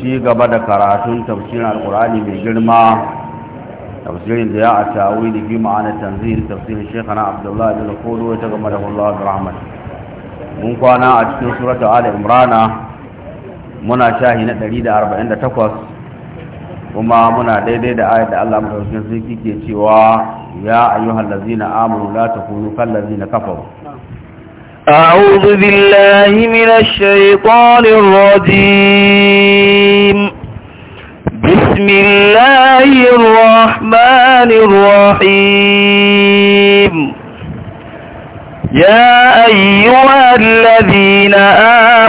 ci gaba da karatun tafsirin alkurani mai girma tafsirin da ya a tawi da fi ma'anar tanzil tafsirin shekana abdullahi da kodo ta game da Allah da rahmat mun kwana a cikin surata ala imrana muna shahi na 148 kuma muna daidai da ayat da Allah madaukakin sarki ke cewa ya ayyuhal ladzina amanu la takunu kal na kafaru أعوذ بالله من الشيطان الرجيم بسم الله الرحمن الرحيم يا أيها الذين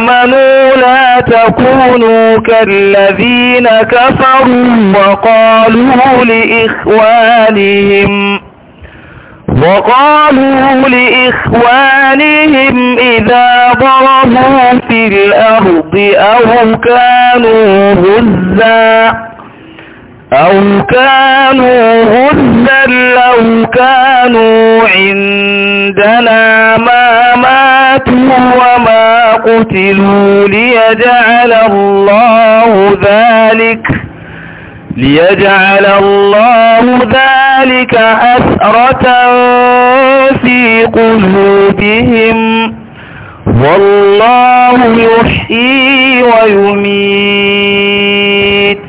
آمنوا لا تكونوا كالذين كفروا وقالوا لإخوانهم وقالوا لإخوانهم إذا ضربوا في الأرض أو كانوا غزا أو كانوا غزا لو كانوا عندنا ما ماتوا وما قتلوا ليجعل الله ذلك ليجعل الله ذلك أسرة في قلوبهم والله يحيي ويميت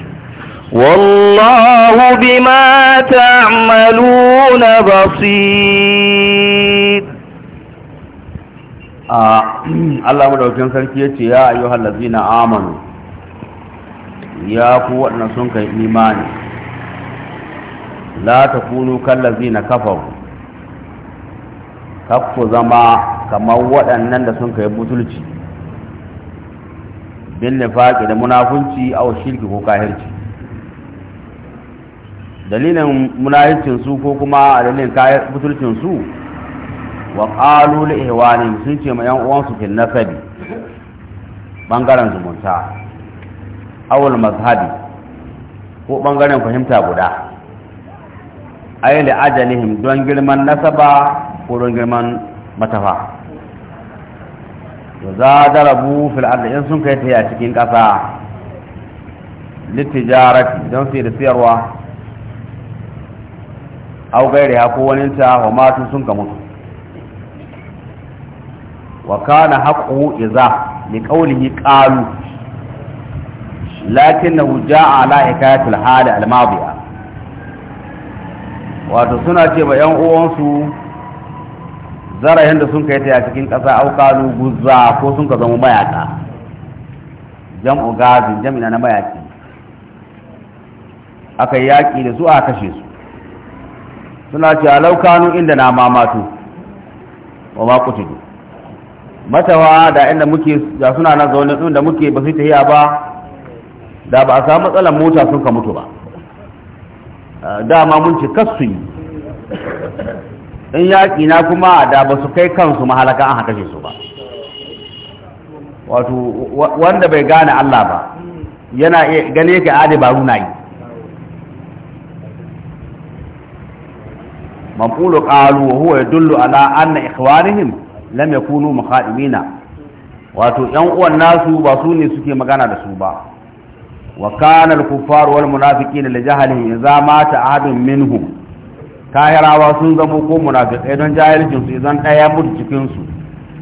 والله بما تعملون بصير آه. الله مدوكين سنكيتي يا أيها الذين آمنوا ya ku waɗannan sun kai imani la ta kunu kallazi na kafaru ku zama kamar waɗannan da sun kai butulci bin nifaƙi da munafunci a shirki ko kahirci dalilin munahircin su ko kuma a dalilin butulcin su wa ƙalu ihwanin sun ce ma 'yan uwansu fil nasabi ɓangaren zumunta awul mazhabi ko bangaren fahimta guda ay da ajalihim don girman nasaba ko don girman matafa za darabu fil ardi in sun kai a cikin kasa litijarati don su da siyarwa au gairi ha ko wani ta wa matu sun ka mutu wa kana haqu iza li qawlihi qalu Lakin lakinnahu ja'a ala hikayatil hali al-madiya wato suna ce ba yan uwansu zarayen da sun kai ta cikin ƙasa aukalu guzza ko sun ka zama mayaka jam'u gazin jam'ina na mayaki aka yi yaƙi da su a kashe su suna ce a laukanu inda na mamatu wa ma kutudu matawa da inda muke da suna na zaune da muke ba su tahiya ba da ba a samu matsalar mota sun ka mutu ba dama mun ce kasu yi in yaƙi na kuma da ba su kai kansu mahalaka an haka su ba wato wanda bai gane Allah ba yana gane ka ade ba runa yi mamulu ƙalu wa huwa ya dullu ala anna ikhwanihim lam yakunu mukhadimina wato yan uwan nasu ba su ne suke magana da su ba wal الكفار li jahlihi idza mata ahadun minhum kahirawa sun zamo ko munafiqai don jahilcin su idan daya mutu cikin su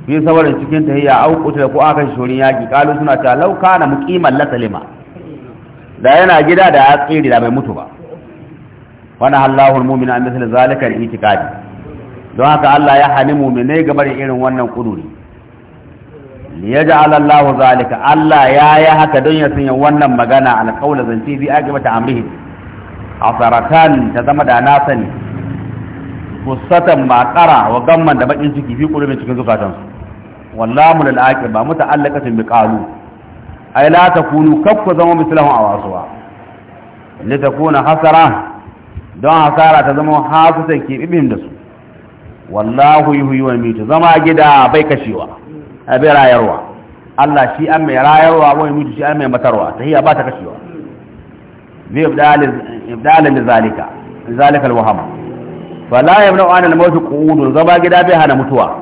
bi saboda cikin tahiyya au kutu ko aka shorin yaki kalu suna ta lau kana muqiman la salima da yana gida da ya tsiri da bai mutu ba wana Allahu al-mu'mina misal zalika al-i'tiqadi don haka Allah ya hani mu'mine game da irin wannan kuduri liyaj'al Allah zalika Allah ya yi haka don ya sanya wannan magana alqaula zanci bi aqibata amrihi asaratan ta zama da na sani fusatan makara wa gamman da bakin ciki fi kulubin cikin zukatan su wallahu lil aqiba muta'allaqatun bi qalu ay la takunu kafku zama mislahum awasuwa li takuna hasara don hasara ta zama hasusan ke bibin da su wallahu yuhyi wa yumiitu zama gida bai kashewa abin rayarwa Allah shi an mai rayarwa wani mutu shi an mai matarwa ta hiya ba ta kashewa zai ibdalin da zalika zalika alwaham fala bna an almawt qu'udun zaba gida bai hana mutuwa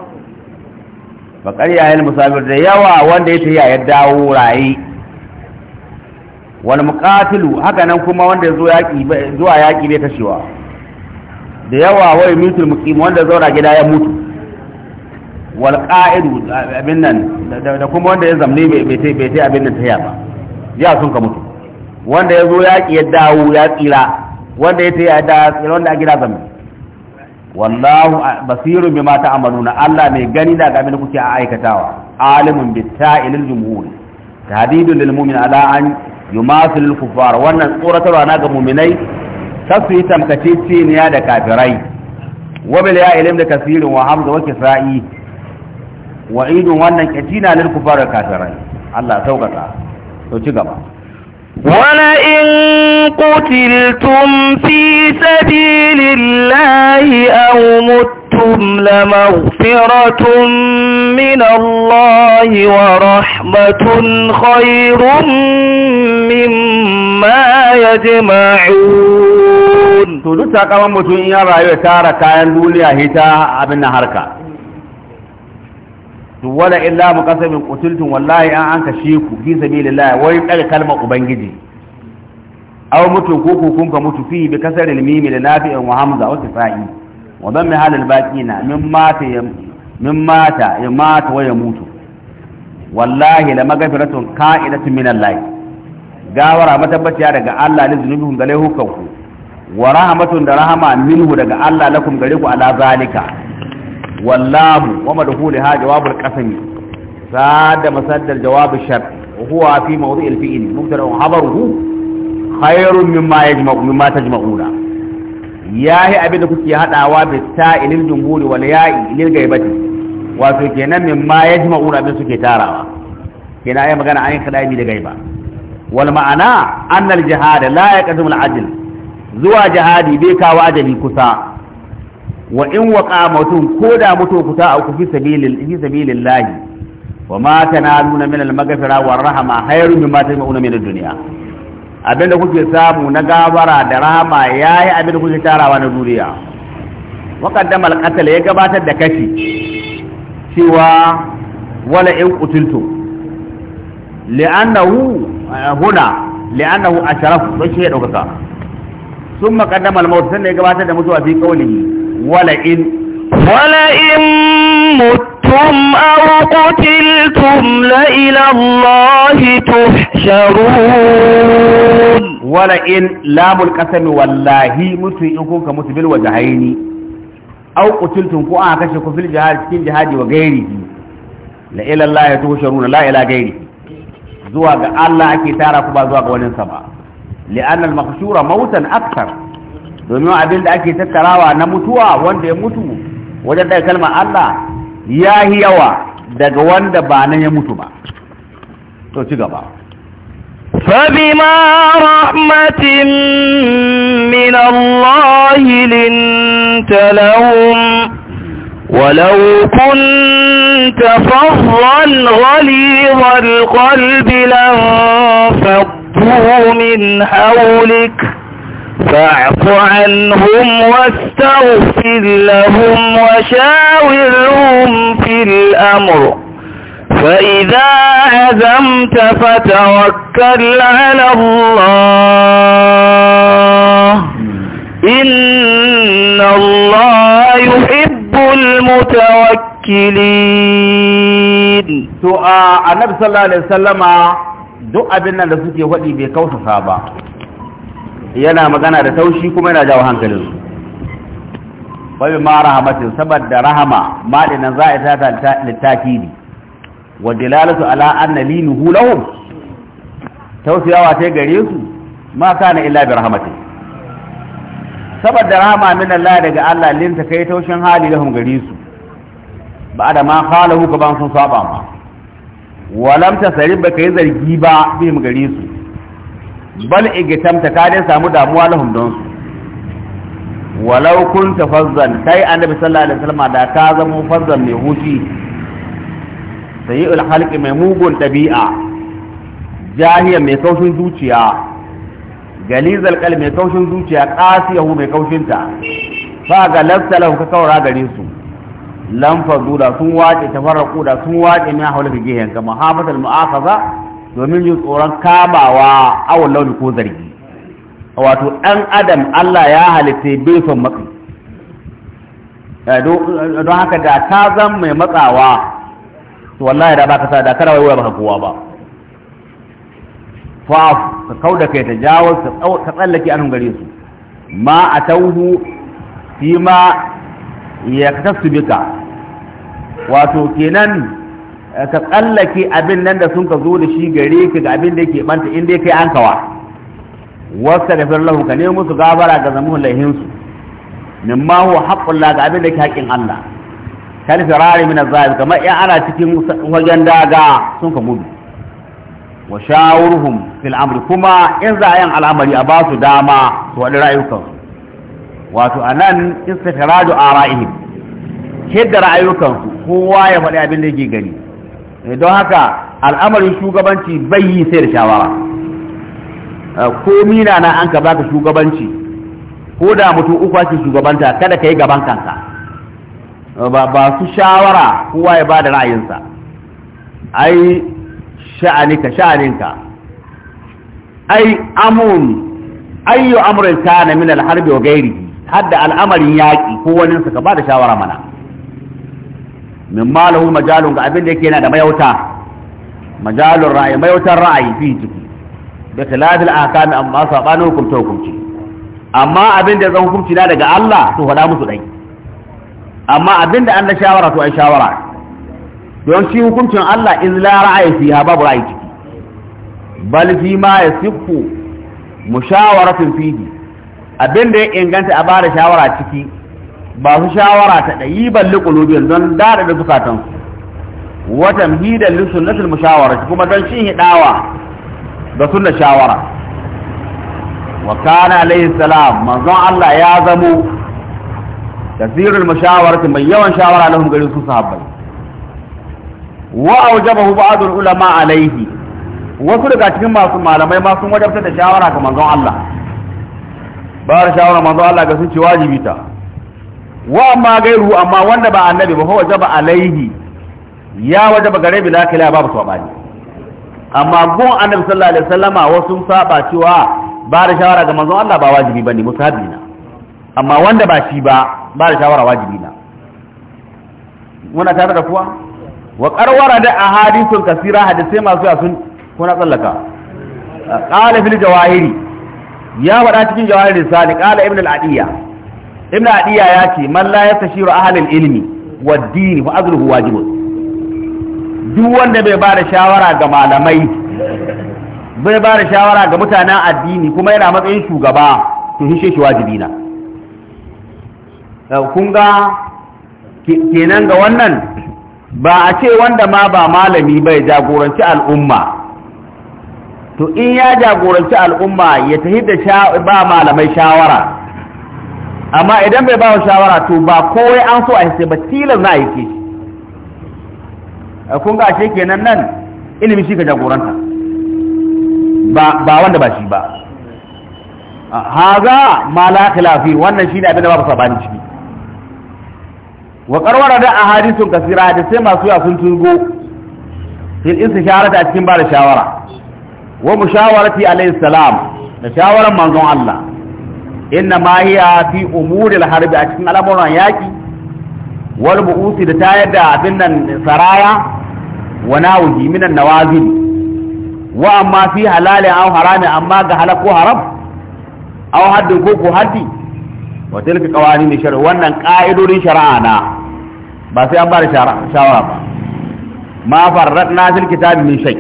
fa ya yi musafir da yawa wanda ya tafiya ya dawo rayi wal muqatilu haka nan kuma wanda yaki zuwa yaki bai kashewa da yawa wai mutul muqim wanda zaura gida ya mutu wal qa'idu abin nan da kuma wanda ya zamne bai bai bai sai abin nan ta ba ya sun ka mutu wanda ya zo ya ki ya dawo ya tsira wanda ya taya da tsira wanda a gida zamne wallahu basirun bima ta'maluna Allah mai gani da ga abin da kuke aikatawa alimun bitta'ilil jumhur tahdidun lil mu'min ala an yumasil al kuffar wannan tsoratarwa na ga mu'minai kasu yi tamkace ciniya da kafirai Wabil ya ilim da kasirin wa hamza wa kisa'i wa idun wannan ƙetina lil kufara kafirai Allah sauƙaƙa to ci gaba wala in qutiltum fi sabilillahi aw muttum lamaghfiratun min Allahi wa rahmatun khairum mimma yajma'un to duk sakamakon mutum in ya rayu tara kayan duniya hita abin harka duk wala illa mu qasamin qutultum wallahi an anka ku fi sabilillah wai daga kalmar ubangiji aw mutu ko ku kun ka mutu fi bi kasar al-mim li nafi'in wa hamza wa tifa'i wa dhammi hal al-baqina min mata min mata ya mata wa yamutu wallahi la magfiratun ka'idatun min Allah gawara matabbaciya daga Allah ne zunubihum da laihukan ku wa rahmatun da rahama minhu daga Allah lakum gare ku ala zalika واللام ومدخولها جواب القسم kuke hadawa bi jumhuri wal ya'i lil wato kenan mimma suke tarawa kenan ai magana da gaiba wal ma'ana anna al jihad la yaqdimu al adl zuwa jihadi bai kawo ajali kusa wa in waqa mutum ko da mutu ku ta auku fi sabilil fi sabilillahi wa ma tanaluna min al-maghfira wa rahma khairu mimma tajma'una min ad-dunya abinda kuke samu na gabara da rahama yi abinda kuke tarawa na duniya wa qaddama ya gabatar da kashi cewa wala in qutiltu li'annahu eh, huna li'annahu asharaf to shi ya dauka ثم قدم الموت سنه gabatar da mutuwa fi qawlihi ولئن ولئن متم أو قتلتم لإلى الله تحشرون ولئن لام القسم والله متئكم كمتبل وجهين أو قتلتم كو أكشكم في الجهاد في الجهاد وغيره لإلى الله تحشرون لا إلى غيره زواج الله أكي تارك بزواج ونسبة لأن المخشور موتا أكثر domin abin da ake tattarawa na mutuwa wanda ya mutu wajen daga kalmar Allah ya yi yawa daga wanda ba nan ya mutu ba to ci gaba فبما رحمة من الله لنت لهم ولو كنت فظا غليظ القلب لانفضوا من حولك فاعف عنهم واستغفر لهم وشاورهم في الأمر فإذا عزمت فتوكل على الله إن الله يحب المتوكلين سؤال النبي صلى الله عليه وسلم duk abin nan da suke waɗi bai kausasa ba yana magana da taushi kuma yana jawo hankalin su babu ma rahamatin saboda rahama ma dinan za a ta ne wa dilalatu ala anna linuhu lahum tausiyawa ta gare su ma kana illa bi rahmatin saboda rahama min Allah daga Allah lin ta kai taushin hali lahum gare su ba da ma halahu ka ban sun saba ma walam tasarib ba kai zargi ba mu gare su bal igitamta ka dai samu damuwa lahum don su walau kunta fazzan kai annabi sallallahu alaihi da ka zama fazzan mai huci sayyul halqi mai mugun dabi'a jahiya mai kaushin zuciya galizal qalbi mai kaushin zuciya qasiyahu mai kaushin ta ga lafsalahu ka kaura gare su lam sun wace sun wace mu'akaza domin yin tsoron kamawa awon launi ko zargi wato ɗan adam Allah ya halitta bai son matsi eh, don haka da ta zan mai matsawa to wallahi da baka sa da kara waiwaya baka kowa ba fa ka kauda kai ta jawo ka tsallake an gare su ma a tauhu fi ma ya kasu bika wato kenan Eh, ka tsallake abin nan da sun ka zo da shi gare ka ga abin da yake banta dai kai an kawa wasta da fir lahu ka ne musu gabara ga zamuhun laihin su min ma huwa haqqul la ga abin da yake haƙin Allah kal firari min azab kamar ya ana cikin wajen daga sun ka gudu wa shawurhum fil amri kuma in za a al'amari a ba su dama su wadi ra'ayukansu wato anan istifradu ara'ihim shedda ra'ayukansu kowa ya faɗi abin da yake gani Eh, don haka al'amarin shugabanci bai yi sai da shawara eh, ko mina na an ka baka shugabanci ko da mutum uku ake shugabanta kada ka yi gaban kanka eh, ba su shawara kowa ya ba da ra'ayinsa ai sha'anika sha'aninka ai amun ayyu Amurin kana min al wa gairi, hadda al'amarin yaƙi ko waninsa ka ba da shawara mana min malahu majalun ga abin da yake yana da mayauta majalun ra'ayi mayautar ra'ayi fi ciki da khilafil ahkam amma sabanin hukunta hukumci. amma abin da zan hukumci na daga Allah to faɗa musu dai amma abin da Allah shawara to ai shawara don shi hukuncin Allah in la ra'ayi fi ha babu ra'ayi ciki bal fi ma yasifu mushawaratun fihi abin da ya inganta a bada shawara ciki ba su shawara ta ɗayi balli ƙulubin don daɗa da zukatansu watan hidan lissun nasul mushawara kuma don shin hidawa da sunna shawara wa kana alaihi salam manzon Allah ya zamo kasirul mushawarati mai yawan shawara lahum gari su sahabbai wa aujabahu ba'd ulama alaihi wasu daga cikin masu malamai ma sun wajabta da shawara ga manzon Allah ba shawara manzon Allah ga sun ce wajibi ta wa amma gairu amma wanda ba annabi ba huwa ba alaihi ya waje ba gare bila kila babu sabani amma gun annabi sallallahu alaihi wasallama wasu saba cewa ba da shawara ga manzon Allah ba wajibi bane musahabi na amma wanda ba shi ba ba da shawara wajibi na muna tare da kuwa wa qarwara da ahadithun kasira hadisi masu yawa sun kuna tsallaka qala fil jawahiri ya wada cikin jawahiri sali qala ibn al-adiyya ibn adiya ya ce man la yastashiru ahlul ilmi wad din fa azruhu wajibun duk wanda bai ba da shawara ga malamai bai ba da shawara ga mutanen addini kuma yana matsayin shugaba to hishe shi wajibi na kun ga kenan ga wannan ba a ce wanda ma ba malami bai jagoranci al'umma to in ya jagoranci al'umma ya tafi da ba malamai shawara amma idan bai ba wa shawara to ba kowai an so a yi ba tilas na a yi ke shi eh, kun ga ashe kenan nan ilimi shi ka jagoranta ba wanda ba shi ba ah, haza ma la wannan shi ne abin da ba babu bani ciki wa qarwara da ahadithun kasira da sai masu yawa sun turgo isa istishara a cikin ba da shawara wa mushawarati alayhi salam da shawaran manzon Allah inna ma hiya fi umuril harbi a cikin al'amuran yaki wal bu'usi da ta yadda abin nan saraya wa nawuji minan nawazil wa amma fi halalin aw harami amma ga halal ko haram aw haddin ko ko haddi wa tilka qawanin shar'i wannan ka'idodin shari'a na ba sai an ba da shawara ba ma farratna fil kitabi min shay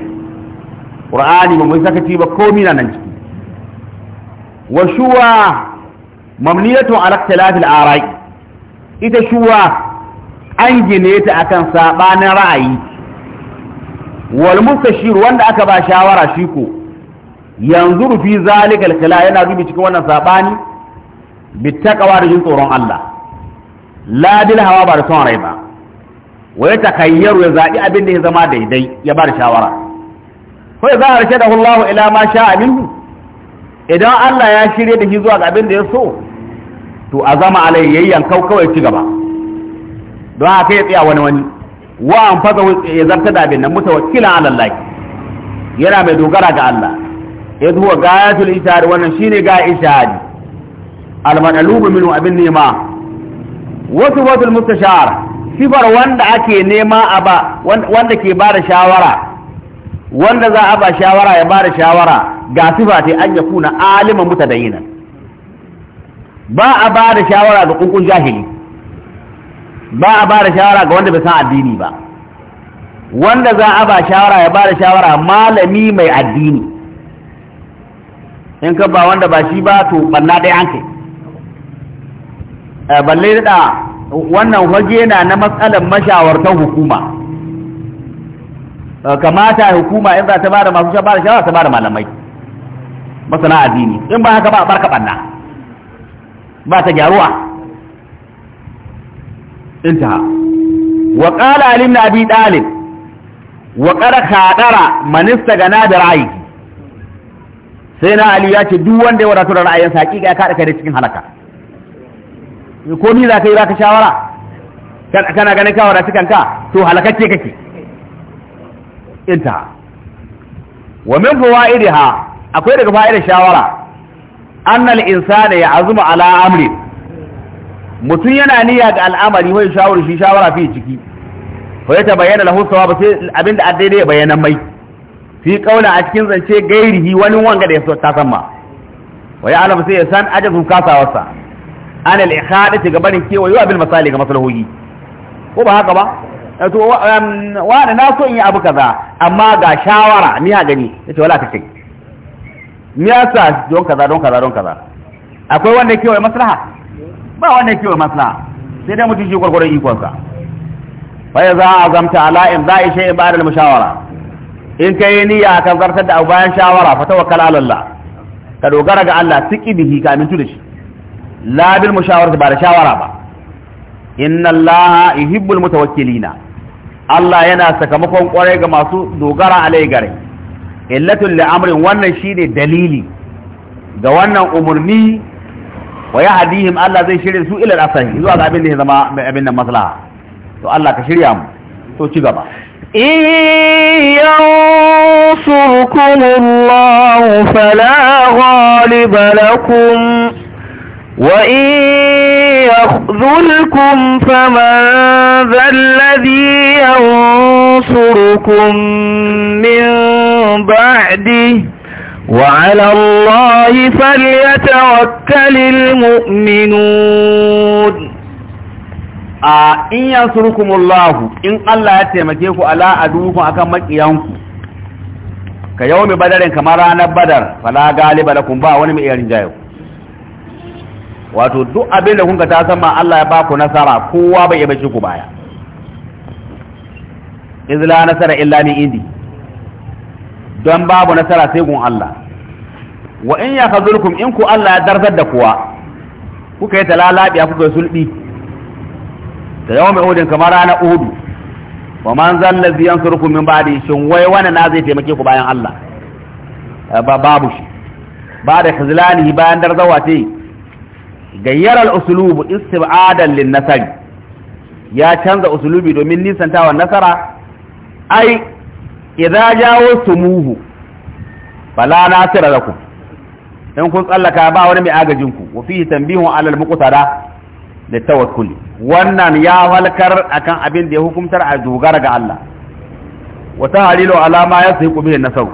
qur'ani ba mun sakaci ba komai na nan ciki wa shuwa mamniyatu ala talafil arai ita shuwa an gine ta akan sabanin ra'ayi wal mustashir wanda aka ba shawara shi ko yanzu fi zalikal kala yana dubi cikin wannan sabani bi taqwa jin tsoron Allah la bil hawa ba da son rai ba Wai ya takayyaru ya zabi abin da ya zama daidai ya ba da shawara ko ya za a da Allah ila ma sha'a minhu idan Allah ya shirye da shi zuwa ga abin da ya so to azama alai yayyan kau kawai ci gaba don haka ya tsaya wani wani wa an fasa ya zarta da abin nan mutawakkilan ala Allah yana mai dogara ga Allah ya zuwa gayatul ishari wannan shine ga ishari almadalubu minhu abin nema wasu wasu mustashar sifar wanda ake nema a ba wanda ke ba da shawara wanda za a ba shawara ya ba da shawara ga sifa ta an yakuna da mutadayinan ba a ba da shawara ga kunkun jahili ba a ba da shawara ga wanda bai san addini ba wanda za a ba shawara ya ba da shawara malami mai addini in ka ba wanda ba shi ba to banna ɗaya an kai eh, balle da wannan waje na na matsalar mashawartan hukuma eh, kamata hukuma in za ta ba da masu shawara ta ba da malamai masana addini in ba haka ba a barka banna ba ta gyaruwa intaha wa qala alim na abi dalib wa qara khadara man istagana da ra'ayi sai na ali ya ce duk wanda ya wadatu da ra'ayin sa hakika ya kada cikin halaka ko ni za ka yi za ka shawara kana ganin ka wadatu kanka to halakacce kake intaha wa min fawaidiha akwai daga fa'idar shawara annal insana ya azuma ala amri mutum yana niyya ga al'amari wai shawara shi shawara fi ciki fa ya tabayyana lahu sawaba sai abinda a daidai bayyana mai fi kaula a cikin zance gairihi wani wanga da ya so ta samma wa ya alama sai ya san ajazun kasawarsa an al-ihada barin gabanin kewayo abin misali ga maslahohi ko ba haka ba to wani um, na so in yi abu kaza amma ga shawara ni ha gani yace wala ta kai me yasa don kaza don kaza don kaza akwai wanda yake wa maslaha ba wanda yake wa maslaha sai dai mutum shi gurgurun ikon sa fa ya za a azamta ala in za a ishe ba da mushawara in kai niyya ka zartar da bayan shawara fa tawakkal ala Allah ka dogara ga Allah tiki bihi ka amintu da shi la bil mushawara ba da shawara ba inna Allah yuhibbul mutawakkilina Allah yana sakamakon kwarai ga masu dogara alai gare illatun li'amrin wannan shine dalili ga wannan umarni wa ya hadihim Allah zai shirya su ilal asahi zuwa ga abin da ya zama mai abin nan maslaha to Allah ka shirya mu to ci gaba yansurkumullahu fala ghaliba lakum وإن يخذلكم فمن ذا الذي ينصركم من بعده وعلى الله فليتوكل المؤمنون a in yansurkumullahu in Allah ya taimake ku ala adukum akan makiyanku ka yawmi badarin kamar ranar badar fala bala lakum ba wani mai irin jayo wato duk abin da kunka ta san sama Allah ya ba ku nasara kowa bai yabe ku baya izla nasara illa ni indi don babu nasara sai gun Allah wa in ya khazulkum in ku Allah ya darzar da kuwa kuka yi talalabiya kuka yi sulbi da yawan mai odin kamar rana odu wa man zalla ziyan surkum min ba'di shin wai wani na zai taimake ku bayan Allah ba babu shi ba da khazlani bayan darzawa ce gayyar al'usulubu istib'adan lin nasari ya canza usulubi domin nisantawa nasara ai idza jawo sumuhu fala nasira lakum in kun tsallaka ba wani mai agajin ku wa fihi tanbihun alal muqtada da tawakkuli wannan ya halkar akan abin da ya hukumtar a dogara ga Allah wa tahlilu alama yasiqu bihi nasaru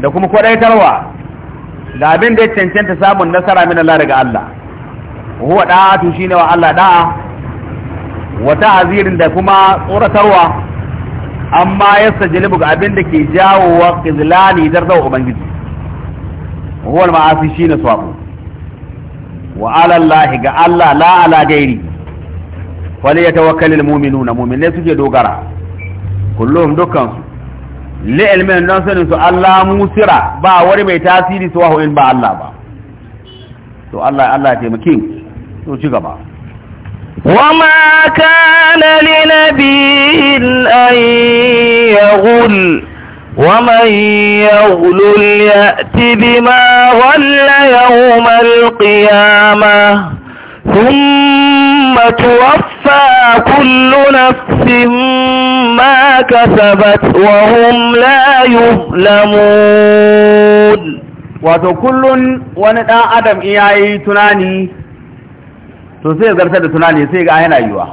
da kuma kwadaitarwa da abin da ya cancanta samun nasara min Allah daga Allah huwa da'atu shine wa Allah da'a wa ta'zirin da kuma tsoratarwa amma yastajlibu ga abin da ke jawo wa qizlani darzau ubangiji huwa maasi shine sawabu wa ala Allah ga Allah la ala gairi wal yatawakkalul mu'minuna mu'minai suke dogara kullum dukkan su li don sanin su Allah musira ba wani mai tasiri su wahu ba Allah ba to Allah Allah ya taimake to ci gaba وما كان لنبي أن يغل ومن يغل يأت بما غل يوم القيامة ثم توفى كل نفس ما كسبت وهم لا يظلمون wato kullun wani ɗan adam in yi tunani to sai zartar da tunani sai ga yana yiwa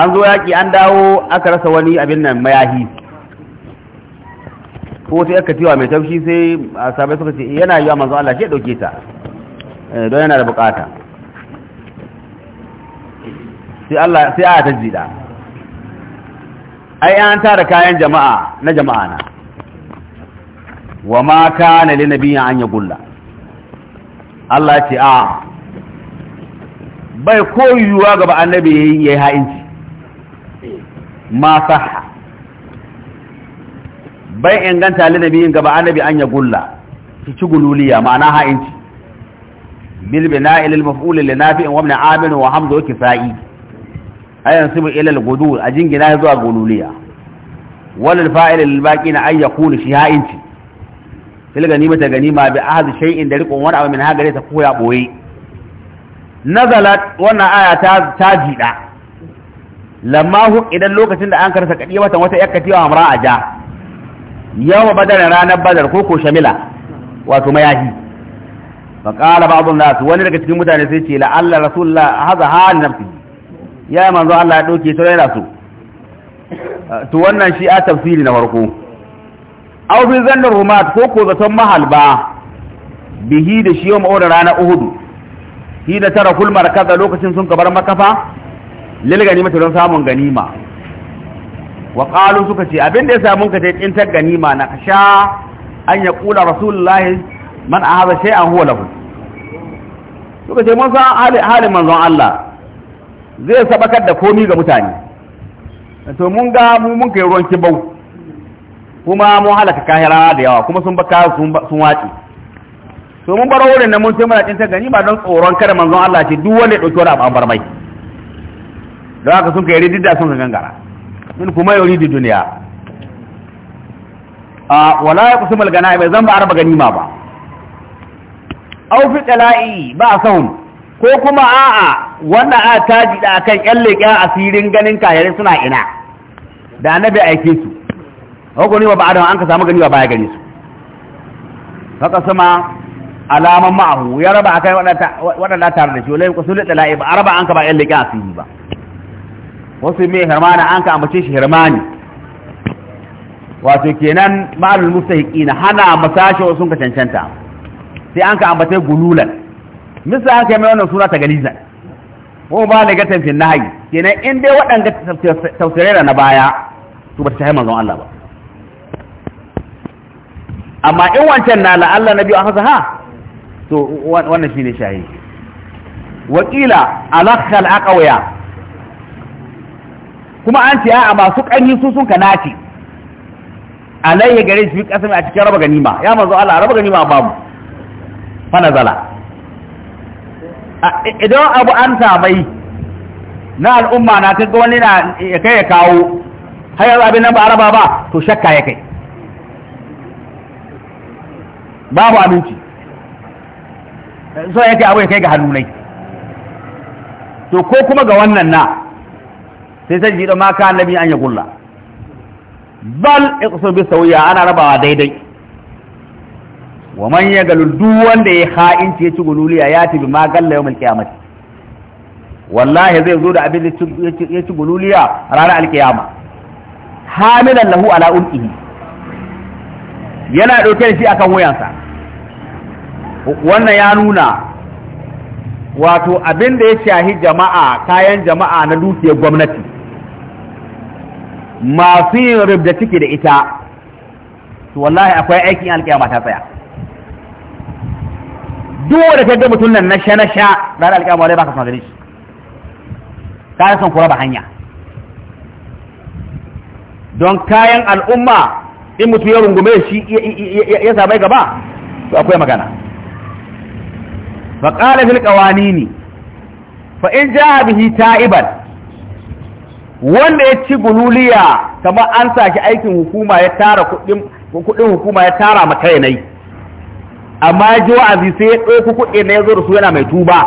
an zo yaki an dawo aka rasa wani abin nan mayahi ko sai aka tiwa mai taushi sai a sabai suka ce yana yiwa manzo Allah shi dauke ta don yana da bukata sai Allah sai aya ta jida ai an tara kayan jama'a na jama'a na wa ma kana li nabiyyin an yagulla Allah ce a bai koyuwa gaba annabi yayi ha'inci ma sahha bai inganta li nabiyyin gaba annabi an yagulla ci gululiya ma'ana ha'inci bil bina'il al maf'ul li nafi'in wa min amir wa hamza wa kisa'i ayan sibu ilal gudu a jingina zuwa gululiya walal fa'il na baqina ay yakunu shi ha'inci fil ganima ta ganima bi ahad shay'in da riko wani abu min hagare ta koya boye nazalat wannan aya ta ta jida lamma hu idan lokacin da an karsa kadiya wata wata yakkatiwa amra aja yawa badar ranar badar ko ko shamila wato mayahi فقال بعض الناس ولي لك تكون متعنى سيتي لعل رسول الله هذا حال نفسه ya yi manzo Allah ya ɗauke su raina su to wannan shi a tafsiri na farko aw fi zannar rumat ko ko zaton ba, bihi da shi yau ma'aurar rana uhudu shi da tara kul markaza lokacin sun kabar makafa lil ganima don samun ganima wa qalu suka ce abin da ya samu ka tayin ta ganima na kasha an ya kula rasulullahi man ahaba shay'an huwa lahu suka ce mun san halin manzon Allah zai sabakar da komi ga mutane to mun ga mu mun kai ruwan kibau kuma mun halaka kahirawa da yawa kuma sun baka sun wace to mun bar wurin nan mun sai muna tinta gani ba don tsoron kada manzon Allah ce duk wanda ya dauki wani abu an bar mai da haka sun kai ridda sun gangara min kuma yuridu duniya a wala ya kusumal gana bai zan ba araba ganima ba au fi tala'i ba sahun ko kuma a'a wannan a taji da akan ƴan leƙen asirin ganin kayan suna ina da annabi aike su ne wa ba'adama an ka samu gani wa baya gani su haka sama alaman ma'ahu ya raba a kai waɗanda tare da shi wala da tala'i ba raba an ka ba ƴan leƙen asiri ba wasu mai hermana an ka amince shi hermani wato kenan ma'alul mustahiqina hana masashe sun ka cancanta sai an ka ambace gululan misa an kai mai wannan suna ta galiza ko ba da gatan fin nahi kenan in dai waɗanda da na baya to ba ta shahi zan Allah ba amma in wancan na na Allah a hasa ha to wannan shi ne shahi wakila a alaqawiya kuma an ce a masu ƙanyi su sun ka nace alayya gare shi kasami a cikin raba ganima ya manzo Allah raba ganima babu fa nazala idan abu an samai na al'umma na kaga wani na ya kai ya kawo har yanzu abin nan ba araba ba to shakka ya kai babu aminci so ya kai abu ya kai ga hannunai to ko kuma ga wannan na sai sai jiɗa maka annabi an ya gulla bal iqsu bi sawiya ana rabawa daidai wa man ya galul duk wanda ya ha'inci ya ci gululiya ya tafi ma galla yawmal qiyamah wallahi zai zo da abin da ya ci gululiya ranar alkiyama hamilan lahu ala ulqihi yana dauke da shi akan wuyansa wannan ya nuna wato abin da ya shahi jama'a kayan jama'a na dukiyar gwamnati masu yin rubda ciki da ita to wallahi akwai aikin alkiyama ta tsaya duk wanda ta ga mutum nan na sha na sha ranar alƙiyama wala baka son gare shi ka san kura ba hanya don kayan al'umma in mutum ya rungume shi ya sabai gaba to akwai magana filƙawa fil ne. fa in jaa bihi ta'ibar wanda ya ci bululiya kamar an shi aikin hukuma ya tara kuɗin hukuma ya tara maka yanayi amma ji wa'azi sai ya ɗauki kuɗi na ya zo da su yana mai tuba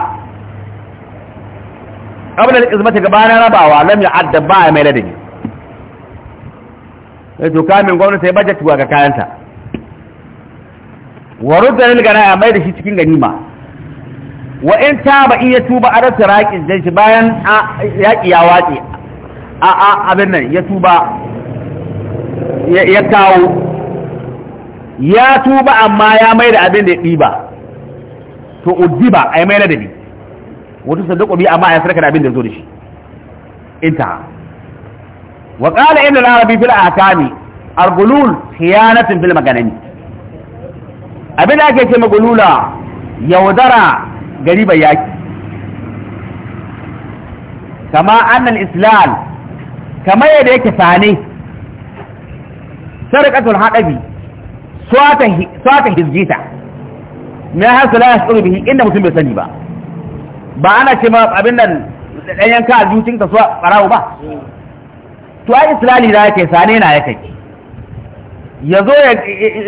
abu da izmata gaba na rabawa lam ya adda ba mai ladabi sai to kamin gwamnati sai tuwa ga kayanta wa rudda lil gana mai da shi cikin ganima wa in ba in ya tuba a rasa raƙin jan shi bayan yaƙi ya waƙe a abin nan ya tuba ya kawo ya tuba amma ya mai da abin da ya ɗiba to uddiba ai mai ladabi wato saddaqo bi amma ya sarka da abin da zo da shi inta wa qala inna al-arabi fil ahkami al-gulul khiyanatun bil maganani abin da ake ce magulula yaudara gari bai yaki kama annal islal kama yadda yake sane sarqatul hadabi suwatan hizgita na hasu la yasuru bihi inda mutum bai sani ba ba ana ce ma abin nan dan yanka a zuci ta suwa ɓarawo ba to ai islali da yake sane na yake zo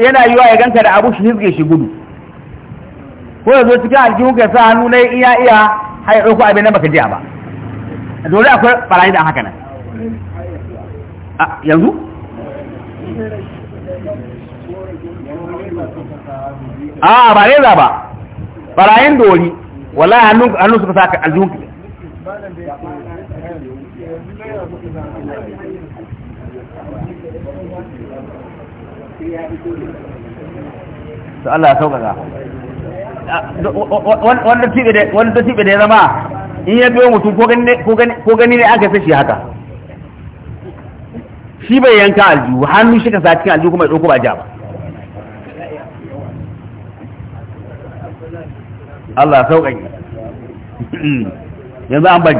yana yiwa ya ganka da abu shi hizge shi gudu ko ya zo cikin aljihun ka sa hannu na iya iya har ya abin nan baka jiya ba dole akwai ɓarayi da haka nan yanzu a ba reza ba barayin dori wallahi hannun hannun suka saka aljihun to Allah ya sauƙaƙa wanda tibe da ya zama in ya biyo mutum ko gani ne aka sashi haka shi bai yanka aljihu hannu shi ka sa cikin aljihu kuma ya ɗauko ba ja ba Allah sauƙaƙi yanzu an bari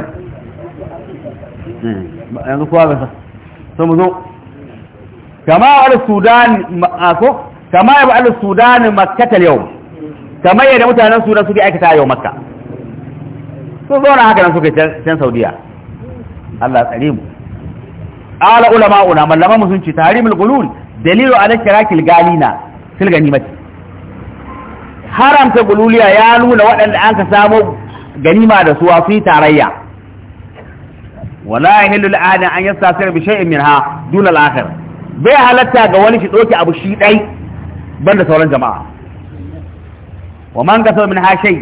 yanzu kowa ga sa mu zo kama wani sudan maso kama yi ba'al sudan makkatal yau kama yadda mutanen sudan suke aikata yau makka sun zauna haka nan suke can saudiya Allah tsare mu ala ulama'una mallaman mu sun ce tarimul gulul dalilu ala shirakil galina fil ganimati haramta gululiya ya nuna waɗanda an ka samu ganima da suwa su yi tarayya wala yahillu al'ada an yastasir bi shay'in minha dun al-akhir bai halatta ga wani shi doki abu shi dai banda sauran jama'a wa man kasaba min ha shay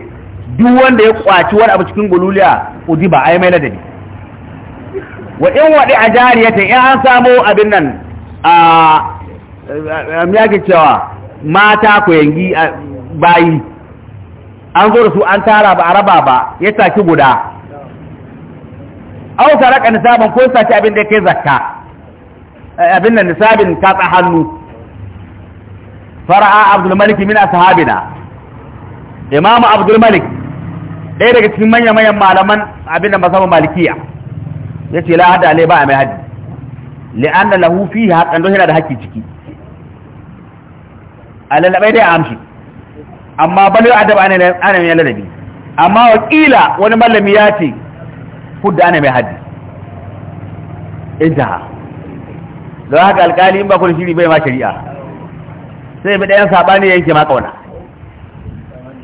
duk wanda ya kwaci wani abu cikin gululiya ba ai mai ladabi wa in wadi ajariyatan in an samu abin nan a am yake cewa mata ku yangi bayi an zo da su an tara ba a raba ba ya saki guda au saraka nisaban ko saki abin da kai zakka eh, abin da nisabin ka tsa hannu fara'a abdul malik min ashabina imamu abdul malik ɗaya daga cikin manyan manyan malaman abin da masaban malikiya yace la hada alai ba a mai li'an li'anna lahufi fiha haqqan yana da haƙƙi ciki a alalabai dai a amshi amma balo adab ana mai ladabi amma wakila wani malami ya ce fudda ana mai haddi intaha don haka alkali in ba kun shiri bai ma shari'a sai bi ɗayan saɓani ya yanke ma ƙauna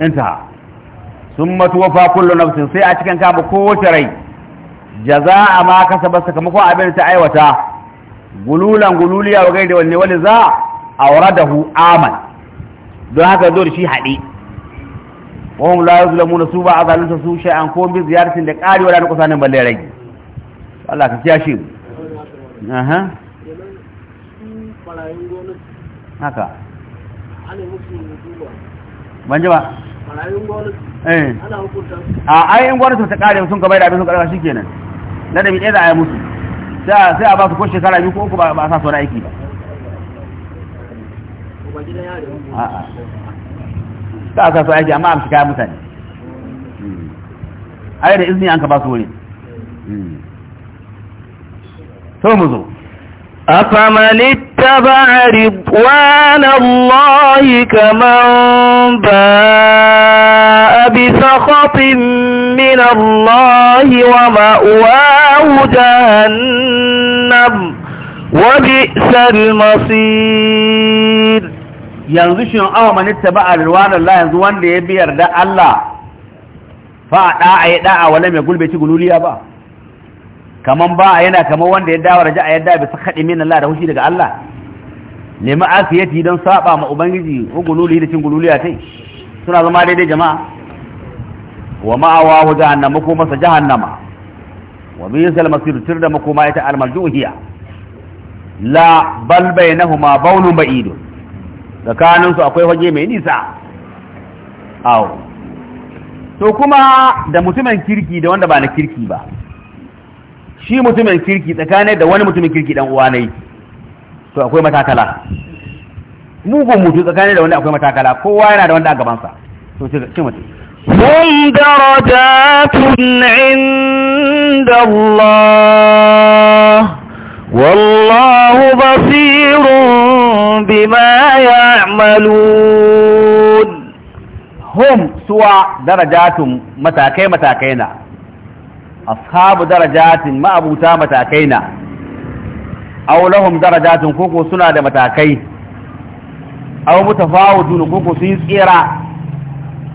intaha sun matuwa fa kullu nafsin sai a cikin kama kowace rai jaza'a ma kasaba sakamakon abin ta aiwata gululan gululiya wa gaida wanne wani za a hu aman don haka zo da shi haɗe wahum la muna su ba a zalunta su shay'an ko bi ziyartin da ƙari wala nuqsa nan balle rage Allah ka kiyashe mu aha haka ban ji ba eh. a ai in gwamnati ta kare sun da abin sun ladabi ɗaya za a yi musu sai a ba su ko shekara biyu ko ba a sa su aiki ba a'a ta aka so aiki amma amshi kayan mutane hmm. da izini an ka ba su wuri hmm. to mu zo أفمن اتبع رضوان الله كمن باء بسخط من الله ومأواه جهنم وبئس yanzu shi shin awa manitta ba a rirwanar yanzu wanda ya biyar da Allah fa a ɗa'a ya ɗa'a wala mai gulbe ci gululiya ba Kamar ba a yana kamar wanda ya dawo raja a yadda bai saka ɗimin Allah da hushi daga Allah nemi asiyati don saba ma ubangiji ko gululi da cin gululiya tai suna zama daidai jama'a wa ma'awa hu jahannama ko masa jahannama wa bi yasal masir tirda makoma ita al-malbi almarjuhiya la bal bainahuma bawlun ba'idun tsakaninsu akwai waje mai nisa awo to kuma da mutumin kirki da wanda ba na kirki ba shi mutumin kirki tsakanin da wani mutumin kirki dan uwa ne to akwai matakala mugun mutu tsakanin da wanda akwai matakala kowa yana da wanda a gabansa to shi mutu hum darajatun inda allah wallahu basirun bima ya'malun hum suwa darajatun matakai matakai na ashabu darajatin ma'abuta matakai na aulahum darajatun koko suna da matakai aw mutafawitun koko sun tsira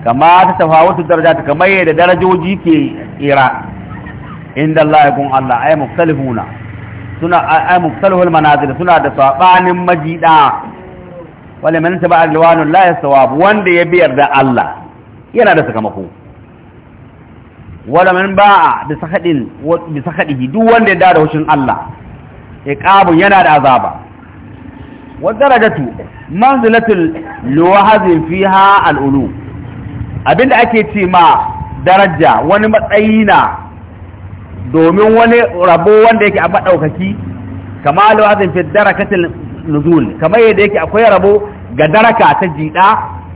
kama ta tafawutu kamar yadda darajoji ke tsira inda Allah kun Allah ay muxtalifuna suna a mufsalhul manazil suna da sabanin majida wala man taba alwanul la yasawab wanda ya biyar da Allah yana da sakamako wala man ba'a bi sahadin bi sahadihi duk wanda ya da hushin Allah iqabun yana da azaba wa darajatu manzilatul luwahazin fiha al-ulu abinda ake ce ma daraja wani matsayi na domin wani rabo wanda yake a maɗaukaki kama lawazin fi darakatin nuzul kamar yadda yake akwai rabo ga daraka ta jiɗa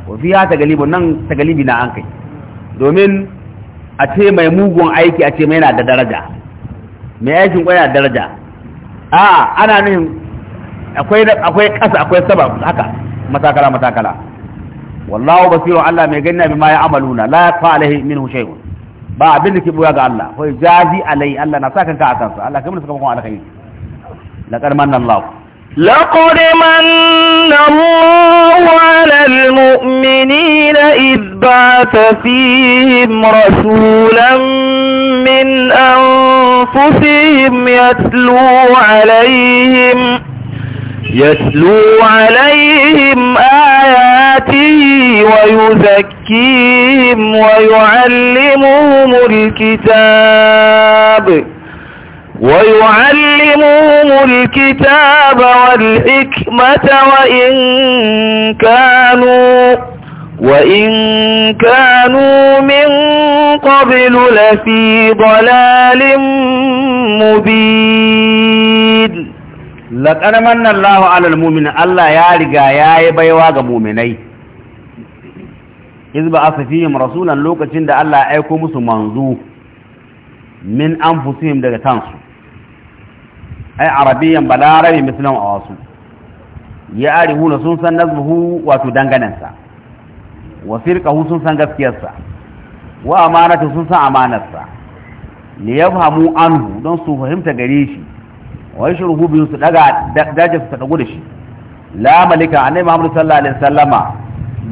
wa fiya ta galibu nan ta galibi na an kai domin a ce mai mugun aiki a ce mai yana da daraja mai aikin kwaya da daraja a ana nuhin akwai akwai ƙasa akwai saba haka matakala matakala wallahu basiru Allah mai ganna bima ya amaluna la fa alaihi minhu shay'un ba abin da ke buya ga Allah ko jazi alai Allah na saka ka akan sa Allah kamar suka kuma alkhairi laqad manna Allah laqad manna Allah 'ala al-mu'minina id ba'atha fihim rasulan min anfusihim yatlu 'alayhim يتلو عليهم آياته ويزكيهم ويعلمهم الكتاب ويعلمهم الكتاب والحكمة وإن كانوا وإن كانوا من قبل لفي ضلال مبين laqad manna Allahu 'alal mu'minina Allah ya riga ya yi baiwa ga mu'minai izba asfihim rasulan lokacin da Allah ya aiko musu manzo min anfusihim daga kansu ai arabiyan balarabi mislan awasu ya arihuna sun san nazbuhu wato danganansa wa firqahu sun san gaskiyarsa wa amanatu sun san amanarsa li yafhamu anhu don su fahimta gare shi wani shirhu biyu su daga dajin su dagu da shi la malika annabi Muhammad sallallahu alaihi wasallama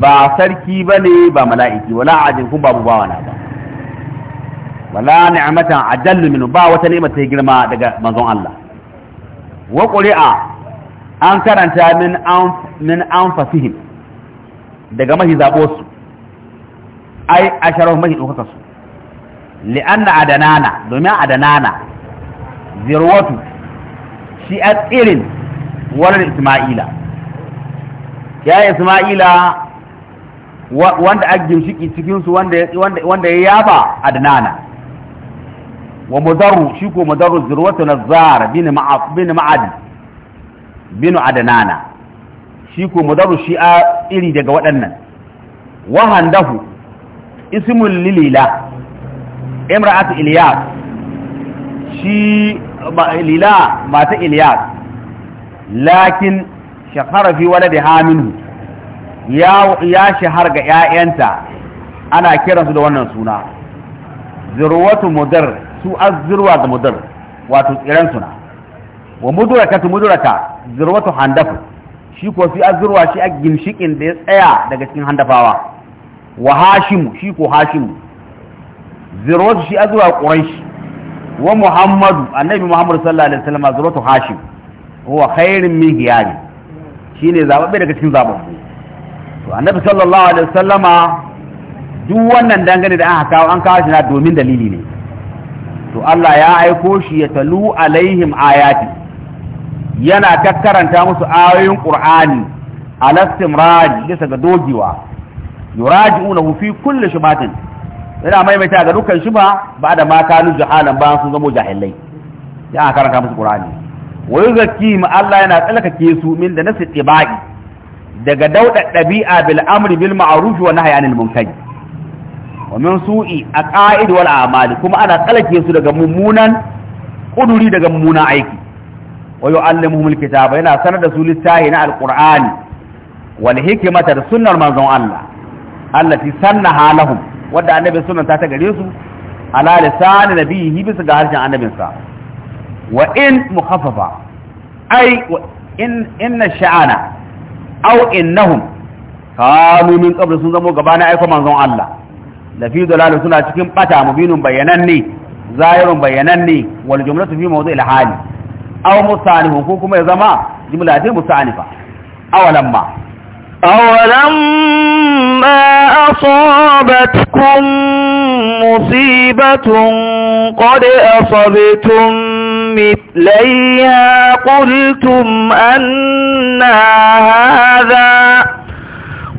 ba sarki bane ba mala'iki wala ajin kun babu bawa na ba wala ni'matan ajallu minhu ba wata ni'ima ta girma daga manzon Allah wa quri'a an karanta min an min anfasihim daga mahi zabo su ai asharu mahi dokaka su li'anna adanana domin adanana zirwatu shi a tsirin walar Isma'ila ya Isma'ila wanda a gimshiki cikinsu wanda ya yaba adnana wa mudarru shi ko mudarru zirwatu nazar bin ma'ad bin adnana shi ko mudarru shi a iri daga waɗannan wahan dahu ismul lilila imra'atu ilyas shi lila mata Ilyas lakin shahara fi wani haminu ya ya shahar ga 'ya'yanta ana kiransu da wannan suna zurwatu mudar su azzurwa ga mudar wato tsiran suna wa tu muduraka zurwatu handafu shi ko fi azzurwa shi a ginshikin da ya tsaya daga cikin handafawa wa hashimu shi ko hashimu zurwatu shi azzurwa quraish wa muhammadu annabi muhammadu sallallahu alaihi wasallam zuratu hashim huwa khairun min hiyari shine zababbe daga cikin zababbu to annabi sallallahu alaihi wasallama duk wannan dangane da aka kawo an kawo shi na domin dalili ne to Allah ya aiko shi ya talu alaihim ayati yana kakkaranta musu ayoyin qur'ani alastimraj bisa ga dogewa yuraji'unahu fi kulli shubatin yana maimaita ga dukkan shubha ba da ma kanu jahalan bayan sun zamo jahilai ya karanta musu qur'ani wa yuzakkim Allah yana tsalkake su min da nasu tibai daga dauda dabi'a bil amri bil ma'ruf wa nahyi anil munkar wa min su'i aqaid wal a'mali kuma ana tsalkake su daga mummunan kuduri daga mummunan aiki wa yu'allimuhum kitaba yana sanar da su littahi na alkur'ani wal hikmata da sunnar manzon Allah allati sannaha lahum wadda annabi sunan ta gare su ala lisan nabihi bisa ga harshen annabinsa wa in mukhaffafa ai in inna sha'ana aw innahum kanu min qabl sun zamo gabana aiko manzon Allah lafi dalal suna cikin bata mubinun bayananne zahirun bayananne wal jumlatu fi mawdi' al hali aw musanifun ko kuma ya zama jumla ta musanifa awalamma أولما أصابتكم مصيبة قد أصبتم مثليها قلتم أن هذا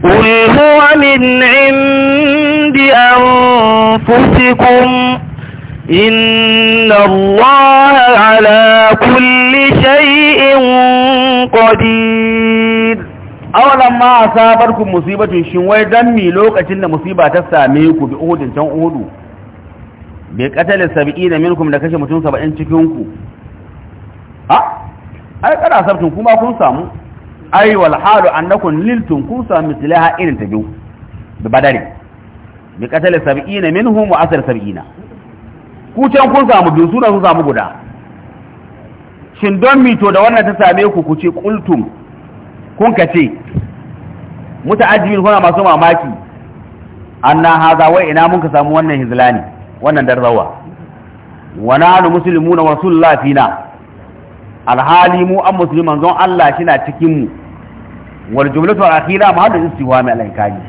قل هو من عند أنفسكم إن الله على كل شيء قدير awalan ma a asabarkum musibatun shin wai dan mi lokacin da musiba ta same ku bi uhudin can uhudu bi qatala 70 minkum da kashe mutum 70 cikin ku ha ai kada sabtun kuma kun samu ai wal halu annakum liltum kun samu mislaha irin ta biyu bi badari bi qatala sab'ina minhum wa asar sab'ina. ku can kun samu biyu suna sun samu guda shin don mi to da wannan ta same ku ku ce qultum kun ka ce muta'ajjibin kuna masu mamaki anna haza wai ina mun ka samu wannan hizlani wannan darzawa wa nahnu muslimuna wa rasulullah fina alhali mu an musulman zon Allah shi na cikin mu wal jumlatu al-akhira ma hadu istiwa mai alaikani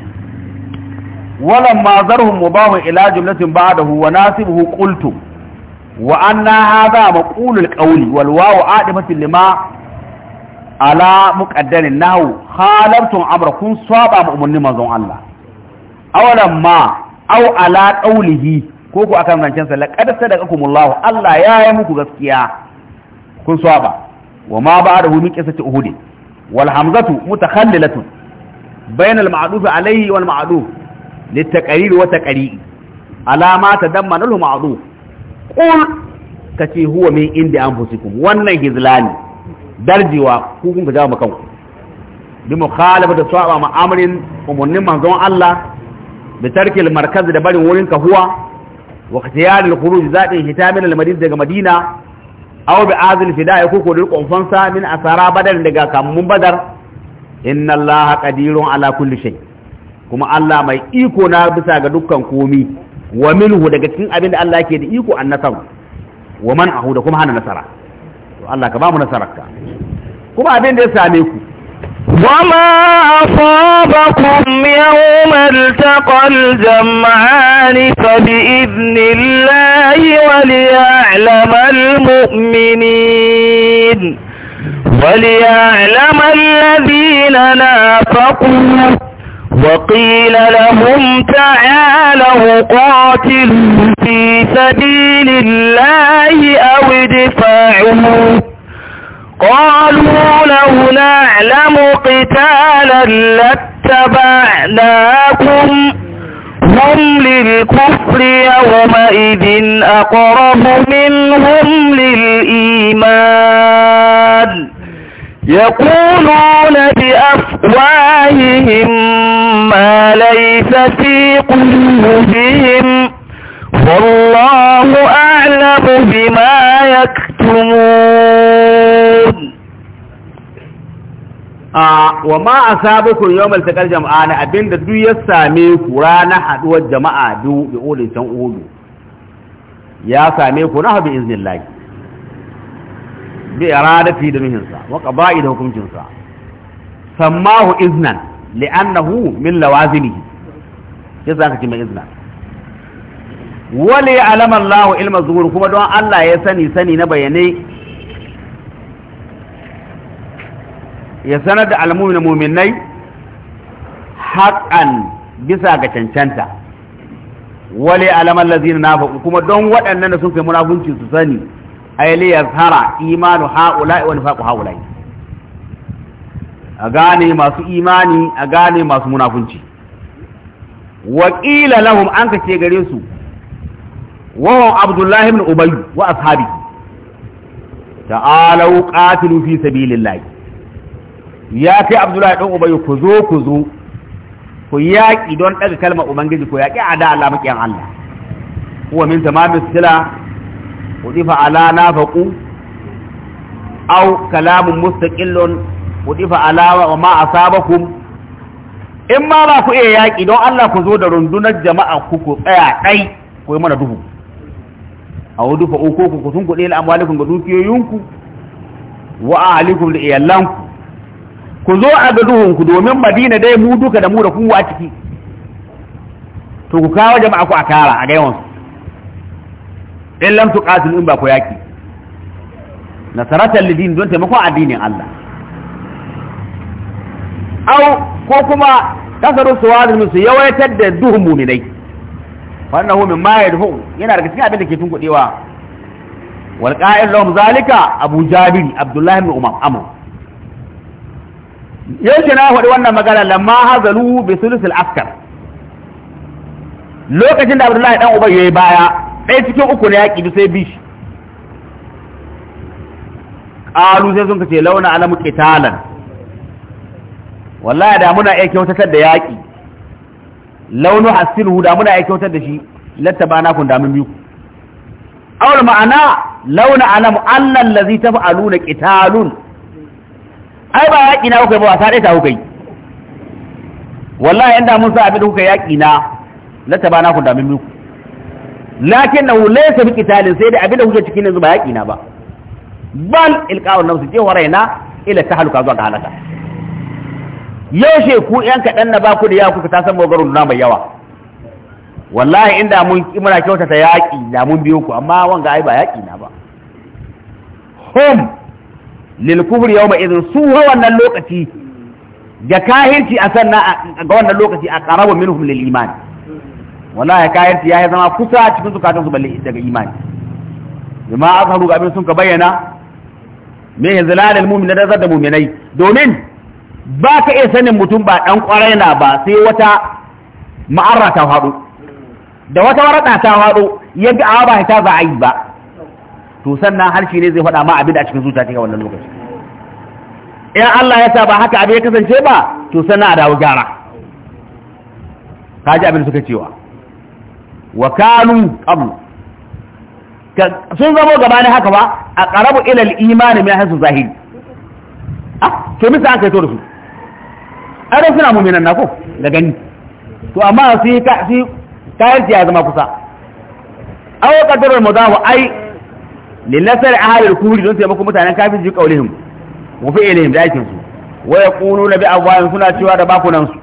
walam ma zarhum mubahu ila jumlatin ba'dahu wa nasibuhu qultu wa anna hadha maqulul qawli wal wawu adifatu ala muqaddarin nahu halartun amra kun saba ma umarnin manzon Allah awalan ma au ala qawlihi ko ku akan zancen sa laqad sadaqakumullahu Allah ya yi muku gaskiya kun saba wa ma ba'dahu Walhamzatu qisati uhud wal hamzatu mutakhallilatun bayna al ma'duf alayhi wal ma'duf litaqrir wa taqri ala ma tadammana al ma'duf qul kace huwa min indi anfusikum wannan hizlani darjewa ku kun ka jawo makan ku bi mukhalafa da saba ma amrin umurnin manzon Allah bi tarkil markaz da barin wurin kahuwa wa ikhtiyar al-khuruj zatin hitamin al-madina daga Madina aw bi azil fidaya ko ko dirqon fansa min asara badar daga kamun badar inna Allah qadirun ala kulli shay kuma Allah mai iko na bisa ga dukkan komi wa minhu daga cikin abin da Allah yake da iko annasaru wa man ahu da kuma hana nasara Allah ka ba mu nasararka kuma abin وما أصابكم يوم التقى الجمعان فبإذن الله وليعلم المؤمنين وليعلم الذين نافقوا وقيل لهم تعالوا قاتلوا في سبيل الله أو ادفعوا قالوا لو نعلم قتالا لاتبعناكم هم للكفر يومئذ أقرب منهم للإيمان يقولون بأفواههم ما ليس في قلوبهم والله أعلم بما يكتمون wa ma a sabukun yau maltakar jama'a abinda duk ya same ku ranar haduwar jama'a biyu bi olin can ulu ya same ku na habi izinin lagi da da sammahu iznan li'annahu min lawazimihi yasa aka ce mai izna wale alama Allah ilma zuhur kuma don Allah ya sani sani na bayane ya sanar da almumin muminai haƙan bisa ga cancanta wale alaman lazina nafaku kuma don waɗannan da sun kai munafunci su sani ayyali ya zara imanu ha'ula'i wani faƙu ha'ula'i a gane masu imani a gane masu munafunci waƙila lahum an ka ce gare su wahon abdullahi ibn Ubayu wa ashabi Ta'ala qatilu fi sabilillah ya kai abdullahi dan Ubayu ku zo ku zo ku yaƙi don daga kalmar ubangiji ku yaƙi ada Allah makiyan Allah huwa min tamamis sila udifa ala nafaqu aw kalamun mustaqillun wudifa alawa wa ma asabakum in ma ba ku iya yaƙi don Allah ku zo da rundunar jama'a ku ku tsaya ɗai ku yi mana duhu a wudu fa uku ku sun kuɗe na amwalikun ga dukiyoyinku wa ahalikum da iyalanku ku zo a ga duhunku domin madina dai mu duka da mu da kuwa ciki to ku kawo jama'a ku a tara a gaiwansu in lam tuqatil in ba ku yaki nasaratan lidin don taimakon addinin Allah au ko kuma kasaru suwarin su yawaitar da duhun muminai wannan hu min ma yadhu yana daga cikin abin da ke tunkudewa wal qa'il lahum zalika abu jabir abdullah ibn umam amr yake na faɗi wannan magana lamma hazalu bi sulusul askar lokacin da abdullahi dan ubay yayi baya ɗaya cikin uku ne yaki sai bi shi qalu sai sun kace launa alamu qitalan wallahi da muna iya kyautatar da yaƙi launu hasiru da muna iya kyautar da shi ba na kun damin biyu awal ma'ana launa alamu allan lazi ta fa'aluna qitalun ai ba yaƙi na kuka ba wasa ɗaya ta kuka yi wallahi inda mun sa abin da kuka yaƙi na ba na kun damun biyu lakin na laysa bi qitalin sai da abin da kuka cikin yanzu ba yaƙi na ba bal ilqa'un nafsi ce wa raina ila tahluka zuwa ga halaka yaushe ku yan kaɗan na baku da ya kuka ta san mogarun na mai yawa wallahi inda mun muna kyauta ta yaƙi da mun biyo ku amma wanga ai ba yaƙi na ba hum lil kufr yawma idhin su wannan lokaci ga kahirci a sanna ga wannan lokaci a qarabu minhum lil iman wallahi kahirci ya zama kusa cikin zukatan su balle daga imani bima azharu ga abin sun ka bayyana me hizalalil mu'min da zadda mu'minai domin ba ka iya sanin mutum ba ɗan ƙwarai na ba sai wata ma'arra ta faɗo da wata warada ta faɗo yadda awa ba ta za yi ba to sannan harshe ne zai faɗa ma abin da a cikin zuciya take wannan lokaci in Allah ya sa ba haka abin ya kasance ba to sannan a dawo gyara kaji abin suka cewa wa kanu qabl sun zama gaba ne haka ba a qarabu ila al-iman min hasu zahiri ah to misa aka yi to da su adan suna mu'minan na ko da gani to amma su yi kayarci ya zama kusa awo za mudahu ai lillasar ahalul kuri don sai mutanen kafin ji kaulihim wa fi'ilihim da aikin su wa na bi afwahin suna cewa da bakunan su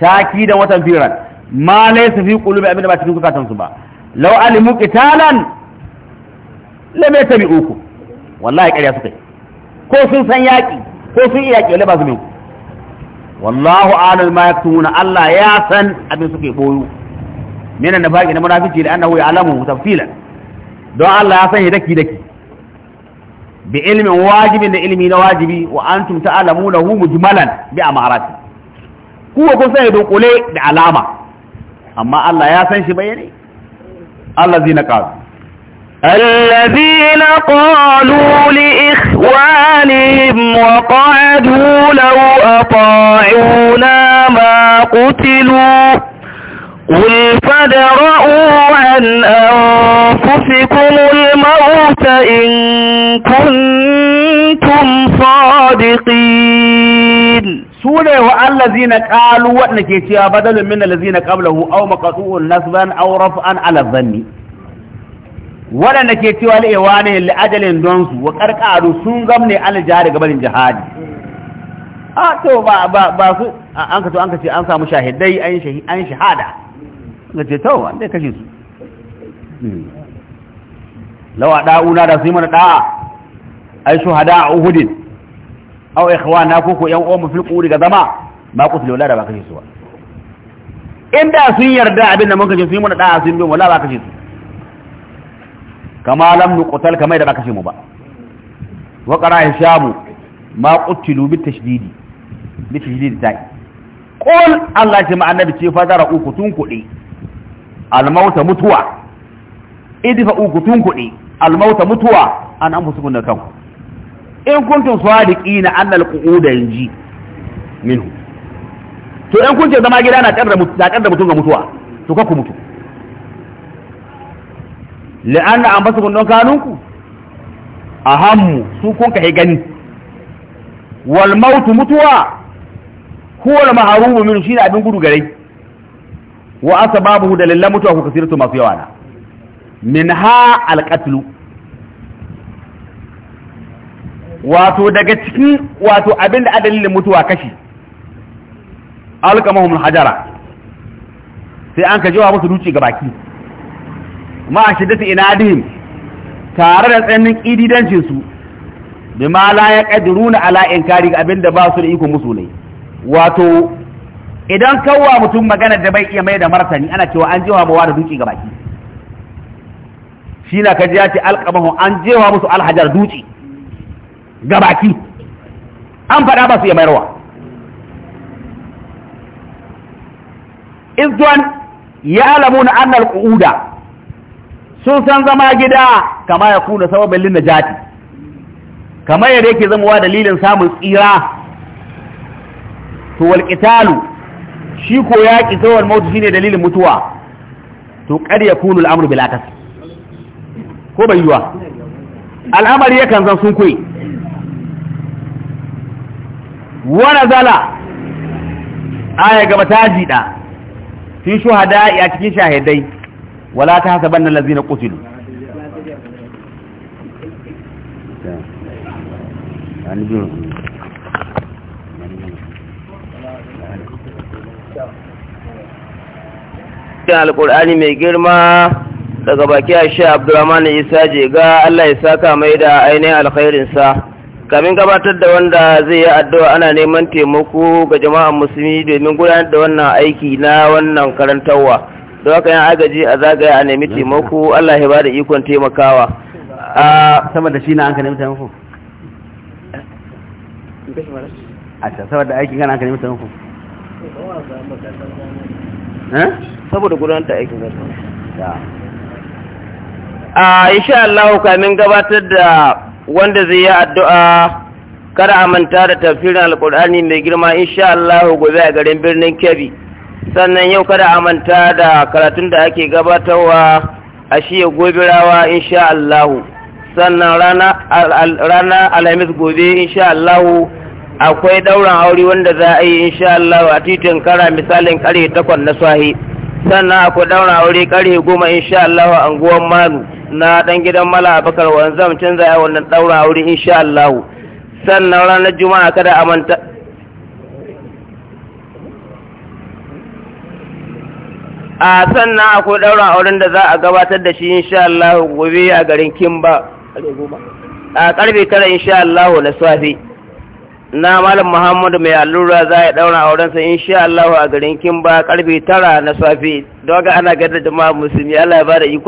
ta ki da watan firan ma laysa fi qulubi abinda ba cikin zukatan su ba law alimu qitalan lam yatabi'ukum wallahi ƙarya su yi ko sun san yaƙi ko sun iya yaƙi wala ba su ne wallahu alal ma yaktumuna Allah ya san abin suke boyu minan nafaqi na munafici da annahu ya'lamu tafsilan don Allah ya san ya daki daki bi ilmin wajibin da ilmi na wajibi wa antum ta'lamunahu mujmalan bi amarati ku kun sai dunkule da alama amma Allah ya san shi Allah bayane allazina qalu الذين قالوا wa وقعدوا كادوا لو أطاعونا ما قتلوا قل فادرؤوا عن أنفسكم الموت إن كنتم صادقين سورة والذين قالوا وأنكيتيا بدل من الذين قبله أو مقطوع نسبا أو رفعا على الظن ولا ke لإيوانه لأجل دونس la'ajalin don su wa ƙarƙaru sun a ah, to ba ba ba su an ka to an ka ce an samu shahidai an shi an shahada ga ce to an dai kashe su hmm. lawa una da su yi mana da'a ai shuhada a au ikhwana ko ko yan uwan mu fil quri ga zama ba ku lola da ba kashe su ba inda sun yarda abin da mun kashe su yi mana da'a sun bi wala ba kashe su kama lam nuqtal kamar da ba kashe mu ba wa qara hishamu ma qutilu bitashdidi bi da ta'i qul Allah ya ma annabi ce fadara uku tun kuɗi, almauta mutuwa idfa uku tun kuɗi, almauta mutuwa an anfusukum da kanku in kuntun kuntum sadiqina annal qu'uda yanji minhu to in kun ce zama gida na kadar na mutum ga mutuwa to ka ku mutu la'anna anfusukum don kanunku A ahammu su kun ka gani wal mutuwa huwa maharubu shi ne abin gudu gare wa da lallan mutuwa ku kasiratu masu yawa na Min ha alqatlu wato daga cikin wato abin a dalilin mutuwa kashi min hajara sai an ka wa musu duci ga baki ma ina inadihim tare da tsanin ƙididancinsu su bima la ala'in ala inkari abinda ba su da iko musu ne wato idan kawwa mutum magana da bai iya mai da martani ana cewa an jewa mawa da duki ga baki shi na kaji ya ce alƙamahu an jewa musu alhajar duki ga baki an faɗa ba su iya mayarwa izduwan ya alamu na annal ƙuda sun san zama gida kama ya kuna sababin lin jati, kamar yadda yake zamowa dalilin samun tsira to wal shi ko yaki sawal mautu shine dalilin mutuwa to qad kunu al amru ko bai yiwa al'amari yakan zan sun kuyi wa nazala aya gaba ta jida fi shuhada a cikin shahidai wala ta hasabanna allazina qutilu an biyu cikin alkur'ani mai girma daga baki a sha abdurrahman isa ga allah ya saka mai da ainihin alkhairinsa kamin gabatar da wanda zai yi addu'a ana neman taimako ga jama'an musulmi domin gudanar da wannan aiki na wannan karantarwa da haka yan agaji a zagaya a nemi taimako allah ya ba da ikon taimakawa saboda shi na an ka nemi taimako a saboda aikin kan an ka nemi taimako Eh? saboda gudanar aikin zarta a insha Allah kamin gabatar da wanda zai yi addu'a kada a manta da tafsirin alkur'ani mai girma insha Allah gobe a garin birnin Kebbi sannan yau kada a manta da karatun da ake gabatarwa a shiya gobirawa insha Allah sannan rana alhamis gobe insha Allah akwai ɗauran aure wanda za a yi insha Allah a titin kara misalin kare takwas na swahi sannan akwai ɗauran aure kare goma insha Allah a anguwan Manu na ɗan gidan Mala Abakar wanzam canza ya wannan ɗauran aure insha Allah sannan ranar Juma'a kada a manta a sannan akwai ɗauran auren da za a gabatar da shi insha Allah gobe a garin Kimba a karfe kara insha Allah na safe na malam muhammadu mai allura za a daura aurensa insha Allah a garin kimba karfe tara na safe don ga ana da ma musulmi Allah ya bada iko